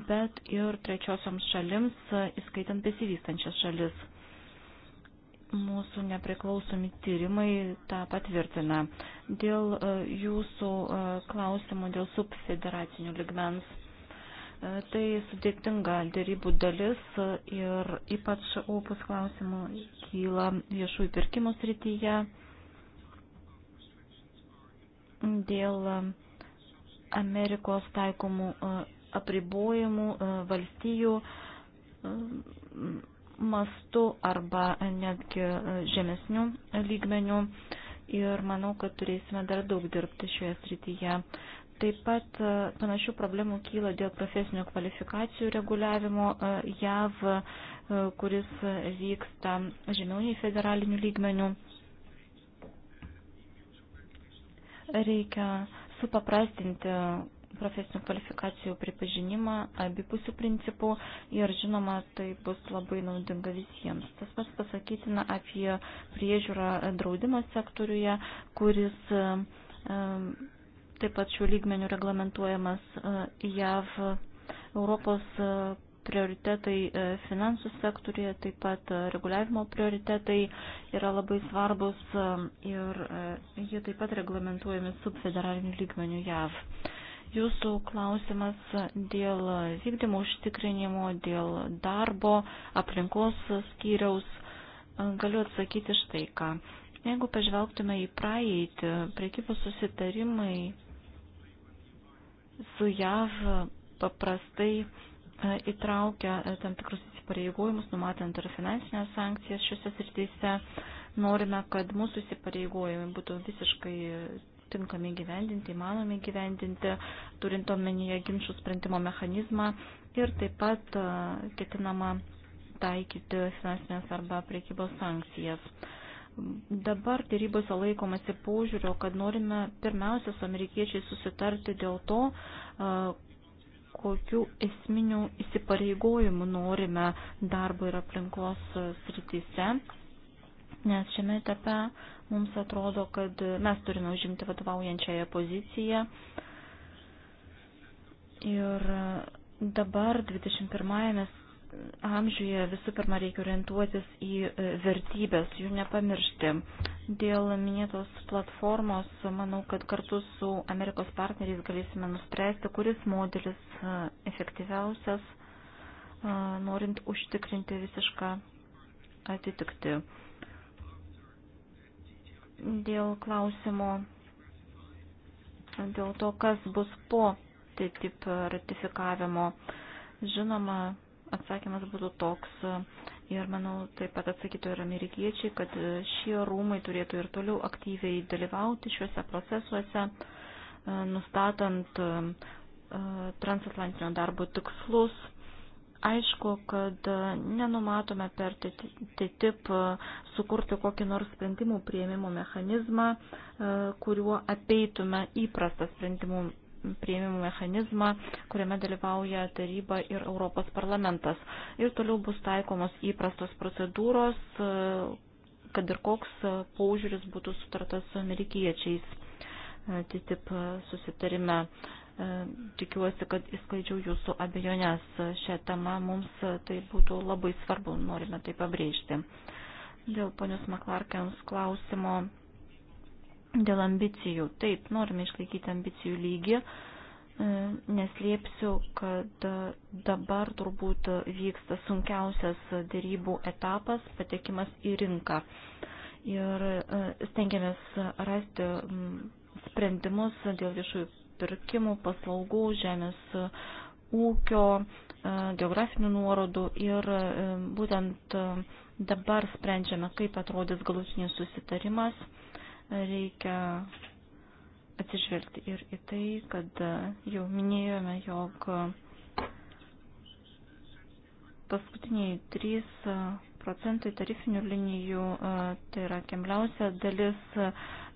bet ir trečiosioms šalims, įskaitant besivystančias šalis. Mūsų nepriklausomi tyrimai tą patvirtina. Dėl e, jūsų e, klausimų dėl subfederacinių ligmens. E, tai sudėtinga dėrybų dalis ir ypač opus klausimų kyla viešųjų pirkimų srityje dėl Amerikos taikomų apribojimų e, valstijų e, mastu arba netgi e, žemesnių lygmenių ir manau, kad turėsime dar daug dirbti šioje srityje. Taip pat panašių problemų kyla dėl profesinių kvalifikacijų reguliavimo JAV, kuris vyksta žemiau nei federalinių lygmenių. Reikia supaprastinti profesinių kvalifikacijų pripažinimą abipusių principų ir žinoma, tai bus labai naudinga visiems. Tas pats pasakytina apie priežiūrą draudimo sektoriuje, kuris taip pat šių lygmenių reglamentuojamas e, JAV Europos e, prioritetai e, finansų sektorėje, taip pat reguliavimo prioritetai yra labai svarbus ir jie taip pat reglamentuojami subfederaliniu lygmeniu JAV. Jūsų klausimas dėl vykdymo užtikrinimo, dėl darbo, aplinkos skyriaus, galiu atsakyti štai ką. Jeigu pažvelgtume į praeitį, priekybos susitarimai su JAV paprastai e, įtraukia e, tam tikrus įsipareigojimus, numatant ir finansinės sankcijas šiuose srityse. Norime, kad mūsų įsipareigojimai būtų visiškai tinkami gyvendinti, įmanomi gyvendinti, turint omenyje ginčių sprendimo mechanizmą ir taip pat e, ketinama taikyti finansinės arba priekybos sankcijas. Dabar dėrybose laikomasi požiūrio, kad norime pirmiausia su amerikiečiai susitarti dėl to, e, kokiu esminiu įsipareigojimu norime darbo ir aplinkos srityse nes šiame etape mums atrodo, kad mes turime užimti vadovaujančiąją poziciją. Ir dabar 21-ame amžiuje visų pirma reikia orientuotis į e, vertybės, jų nepamiršti. Dėl minėtos platformos, manau, kad kartu su Amerikos partneriais galėsime nuspręsti, kuris modelis e, efektyviausias, e, norint užtikrinti visišką atitikti dėl klausimo, dėl to, kas bus po TTIP ratifikavimo. Žinoma, atsakymas būtų toks ir, manau, taip pat atsakytų ir amerikiečiai, kad šie rūmai turėtų ir toliau aktyviai dalyvauti šiuose procesuose, nustatant e, transatlantinio darbo tikslus Aišku, kad nenumatome per TTIP sukurti kokį nors sprendimų prieimimo mechanizmą, e, kuriuo apeitume įprastą sprendimų prieimimų mechanizmą, kuriame dalyvauja taryba ir Europos parlamentas. Ir toliau bus taikomos įprastos procedūros, e, kad ir koks paužiūris būtų sutartas su amerikiečiais e, TTIP susitarime. E, tikiuosi, kad įskaidžiau jūsų abejonės šią temą. Mums tai būtų labai svarbu, norime tai pabrėžti. Dėl ponios Maklarkiams klausimo, dėl ambicijų. Taip, norime išlaikyti ambicijų lygį. E, neslėpsiu, kad dabar turbūt vyksta sunkiausias dėrybų etapas - patekimas į rinką. Ir e, stengiamės rasti sprendimus dėl viešųjų pirkimų, paslaugų, žemės uh, ūkio, uh, geografinių nuorodų ir uh, būtent dabar sprendžiame, kaip atrodys galutinis susitarimas. Reikia atsižvelgti ir į tai, kad jau minėjome, jog paskutiniai 3 procentai tarifinių linijų, tai yra kemliausia dalis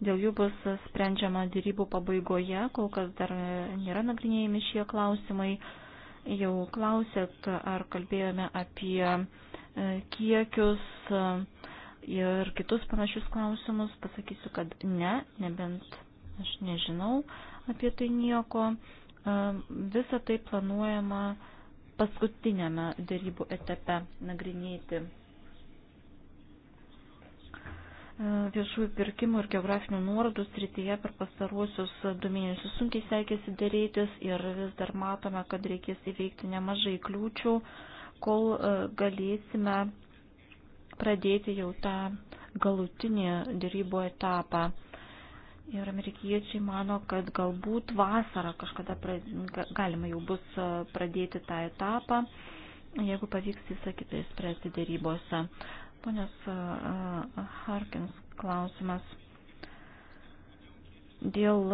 Dėl jų bus sprendžiama dėrybų pabaigoje, kol kas dar nėra nagrinėjami šie klausimai. Jau klausėt, ar kalbėjome apie e, kiekius e, ir kitus panašius klausimus. Pasakysiu, kad ne, nebent aš nežinau apie tai nieko. E, Visą tai planuojama paskutinėme dėrybų etape nagrinėti viešųjų pirkimų ir geografinių nuorodų srityje per pastaruosius du mėnesius sunkiai sekėsi dėrėtis ir vis dar matome, kad reikės įveikti nemažai kliūčių, kol e, galėsime pradėti jau tą galutinį dėrybo etapą. Ir amerikiečiai mano, kad galbūt vasarą kažkada pra, galima jau bus e, pradėti tą etapą, jeigu pavyks visą kitą įspręsti dėrybose. Ponios Harkins klausimas dėl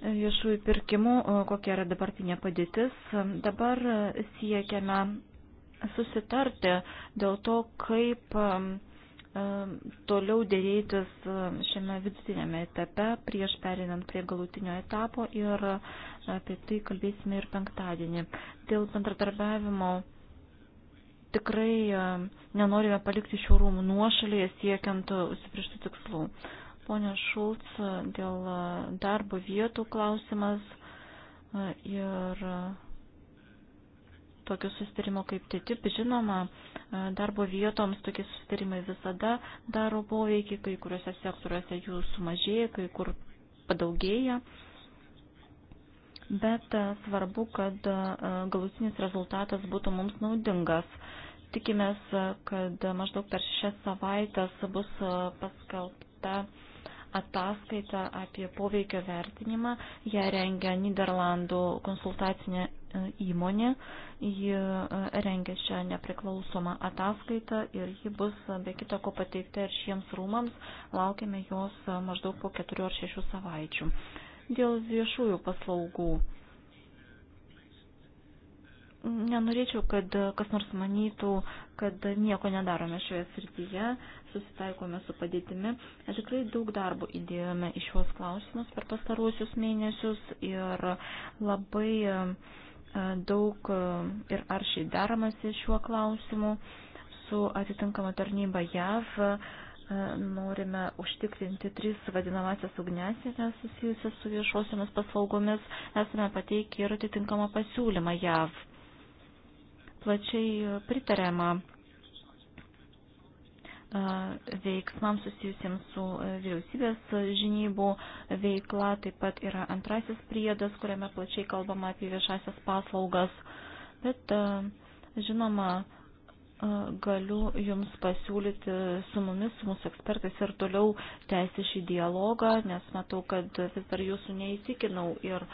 viešųjų pirkimų, kokia yra dabartinė padėtis. Dabar siekiame susitarti dėl to, kaip toliau dėrėtis šiame vidutinėme etape prieš perinant prie galutinio etapo ir apie tai kalbėsime ir penktadienį. Dėl bendradarbiavimo tikrai e, nenorime palikti šių rūmų nuošalėje siekiant e, užsiprieštų tikslų. Pone Šulc, e, dėl darbo vietų klausimas ir tokio sustarimo kaip TTIP, žinoma, darbo vietoms tokie sustarimai visada daro poveikį, kai kuriuose sektoriuose jų sumažėja, kai kur padaugėja. Uh, bet e, svarbu, kad e, galutinis rezultatas būtų mums naudingas. Tikimės, e, kad maždaug per šešias savaitės bus paskelbta ataskaita apie poveikio vertinimą. Ją rengia Niderlandų konsultacinė įmonė. Ji rengia šią nepriklausomą ataskaitą ir ji bus be kita ko pateikta ir šiems rūmams. Laukime jos maždaug po keturių ar šešių savaičių dėl viešųjų paslaugų. Nenorėčiau, kad kas nors manytų, kad nieko nedarome šioje srityje, susitaikome su padėtimi. Tikrai daug darbo įdėjome į šios klausimus per pastaruosius mėnesius ir labai e, daug e, ir aršiai daromasi šiuo klausimu su atitinkama tarnyba JAV E, norime užtikrinti tris vadinamasias ugnesienės susijusias su viešosiamis paslaugomis, esame pateikę ir atitinkamą pasiūlymą JAV. Plačiai pritariama e, veiksmams susijusiems su e, vyriausybės žinybų veikla, taip pat yra antrasis priedas, kuriame plačiai kalbama apie viešasias paslaugas. Bet žinoma, galiu Jums pasiūlyti su mumis, su mūsų ekspertais ir toliau tęsti šį dialogą, nes matau, kad vis dar Jūsų neįtikinau ir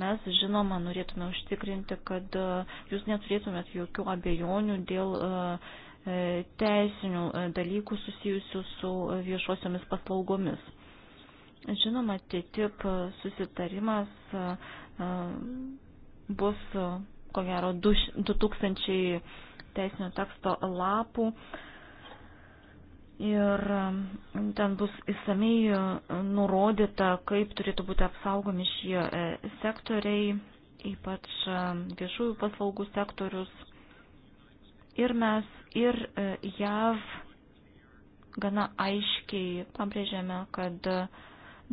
mes, žinoma, norėtume užtikrinti, kad Jūs neturėtumėt jokių abejonių dėl e, teisinių dalykų susijusių su viešosiomis paslaugomis. Žinoma, TTIP susitarimas bus, ko gero, 2000 teisinio teksto lapų. Ir um, ten bus įsamei uh, nurodyta, kaip turėtų būti apsaugomi šie e, sektoriai, ypač um, viešųjų paslaugų sektorius. Ir mes ir e, JAV gana aiškiai pabrėžėme, kad e,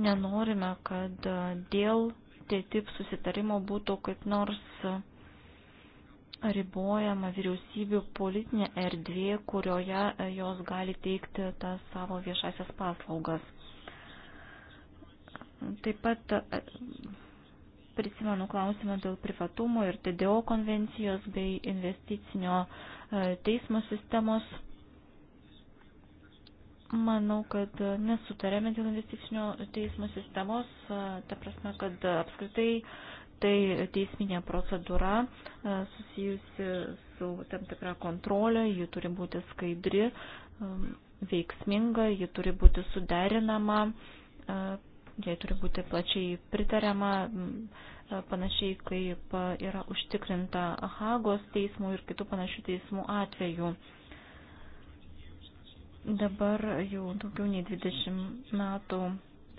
nenorime, kad dėl TTIP susitarimo būtų kaip nors ribojama vyriausybių politinė erdvė, kurioje e, jos gali teikti tas savo viešasias paslaugas. Taip pat e, prisimenu klausimą dėl privatumo ir TDO konvencijos bei investicinio e, teismo sistemos. Manau, kad nesutarėme dėl investicinio teismo sistemos, ta prasme, kad apskritai tai teisminė procedūra e, susijusi su tam tikra kontrolė, ji turi būti skaidri, e, veiksminga, ji turi būti suderinama, e, jai turi būti plačiai pritariama, panašiai kaip yra užtikrinta Hagos teismų ir kitų panašių teismų atveju. Dabar jau daugiau nei 20 metų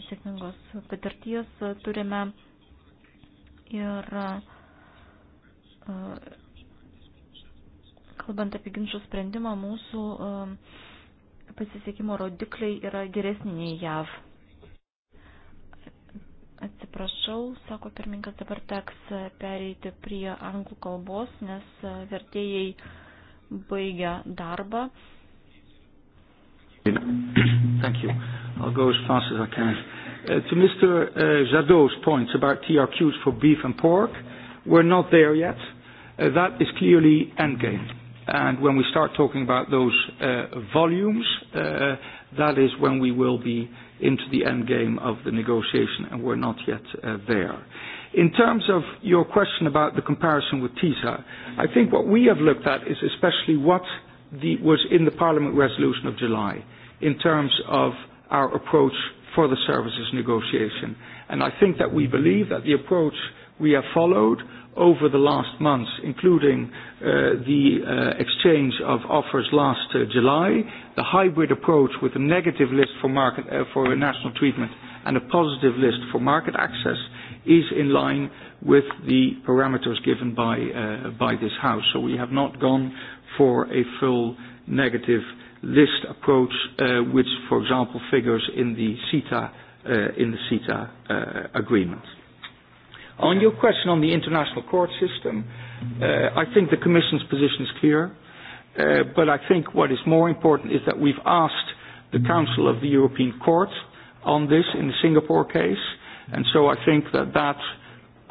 sėkmingos patirties turime Ir e, kalbant apie ginčių sprendimą, mūsų e, pasisekimo rodikliai yra geresni nei JAV. Atsiprašau, sako pirmininkas, dabar teks pereiti prie anglų kalbos, nes vertėjai baigia darbą. Thank you. I'll go as fast as I can. Uh, to Mr. Uh, Jadot's points about TRQs for beef and pork, we're not there yet. Uh, that is clearly endgame. And when we start talking about those uh, volumes, uh, that is when we will be into the endgame of the negotiation, and we're not yet uh, there. In terms of your question about the comparison with TISA, I think what we have looked at is especially what the, was in the Parliament resolution of July in terms of our approach for the services negotiation. And I think that we believe that the approach we have followed over the last months, including uh, the uh, exchange of offers last uh, July, the hybrid approach with a negative list for, market, uh, for national treatment and a positive list for market access, is in line with the parameters given by, uh, by this House. So we have not gone for a full negative list list approach, uh, which, for example, figures in the CETA, uh, in the CETA uh, agreement. On your question on the international court system, uh, I think the Commission's position is clear, uh, but I think what is more important is that we've asked the Council of the European Court on this in the Singapore case, and so I think that that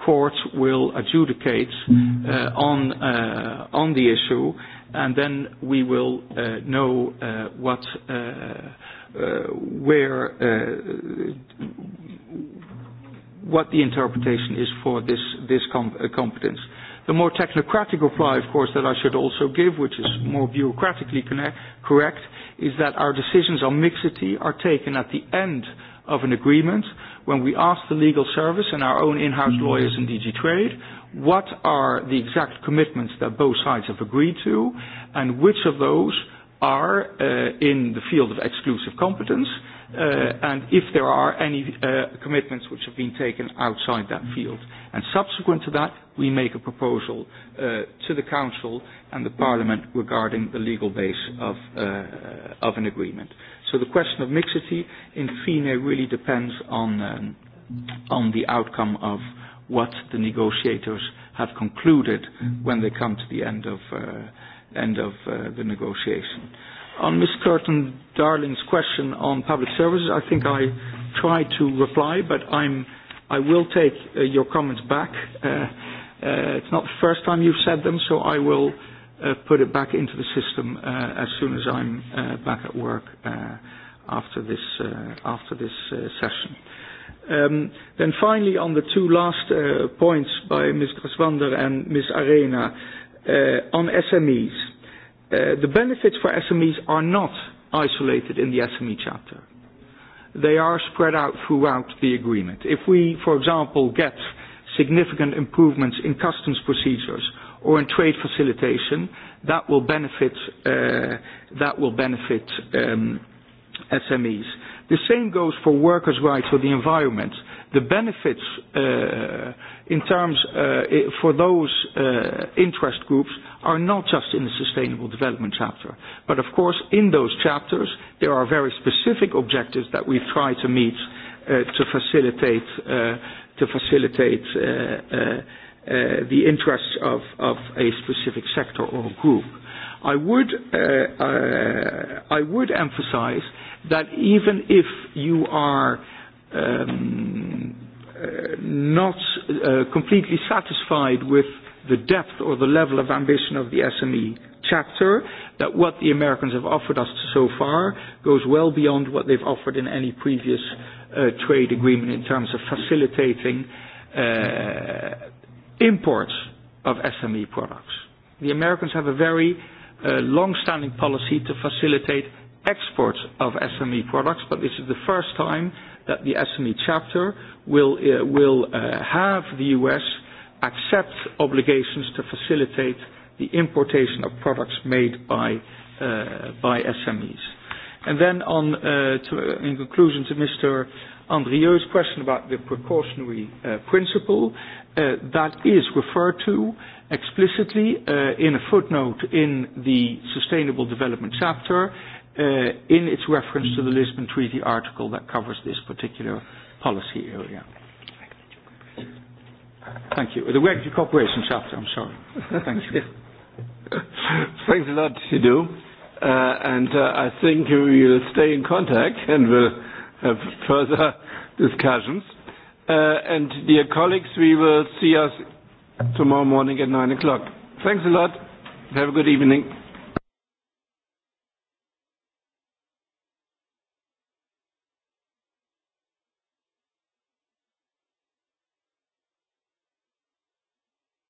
court will adjudicate uh, on, uh, on the issue, and then we will uh, know uh, what, uh, uh, where, uh, what the interpretation is for this, this com- uh, competence. The more technocratic reply, of course, that I should also give, which is more bureaucratically connect- correct, is that our decisions on mixity are taken at the end uh, of an agreement when we asked the legal service and our own in-house mm. lawyers in DG Trade what are the exact commitments that both sides have agreed to and which of those are uh, in the field of exclusive competence uh, and if there are any uh, commitments which have been taken outside that mm. field. And subsequent to that, we make a proposal uh, to the Council and the mm. Parliament regarding the legal base of, uh, of an agreement. So the question of mixity in FINE really depends on, um, on the outcome of what the negotiators have concluded when they come to the end of, uh, end of uh, the negotiation. On Ms. Curtin Darling's question on public services, I think I tried to reply, but I'm, I will take uh, your comments back. Uh, uh, it's not the first time you've said them, so I will uh, uh, put it back into the system uh, as soon as I'm uh, back at work uh, after this uh, after this uh, session. Um, then finally, on the two last uh, points by Ms. Graswander and Ms. Arena uh, on SMEs, uh, the benefits for SMEs are not isolated in the SME chapter. They are spread out throughout the agreement. If we, for example, get significant improvements in customs procedures or in trade facilitation, that will benefit, uh, that will benefit um, SMEs. The same goes for workers' rights or the environment. The benefits uh, in terms uh, for those uh, interest groups are not just in the Sustainable Development Chapter, but of course in those chapters there are very specific objectives that we try to meet uh, to facilitate uh, to facilitate uh, uh, uh, the interests of, of a specific sector or group. I would, uh, uh, I would emphasize that even if you are um, uh, not uh, completely satisfied with the depth or the level of ambition of the SME chapter, that what the Americans have offered us so far goes well beyond what they've offered in any previous uh, trade agreement in terms of facilitating uh, imports of SME products. The Americans have a very uh, long-standing policy to facilitate exports of SME products, but this is the first time that the SME chapter will, uh, will uh, have the U.S. accept obligations to facilitate the importation of products made by, uh, by SMEs. And then on, uh, to, uh, in conclusion to Mr. Andrieux's question about the precautionary uh, principle, uh, that is referred to explicitly uh, in a footnote in the Sustainable Development chapter uh, in its reference to the Lisbon Treaty article that covers this particular policy area. Thank you. The Regulatory Cooperation chapter, I'm sorry. Thank you. (laughs) Thanks a lot, Hidu. Uh, and uh, I think we will stay in contact and we'll have further discussions. Uh, and dear colleagues, we will see us tomorrow morning at 9 o'clock. Thanks a lot. Have a good evening.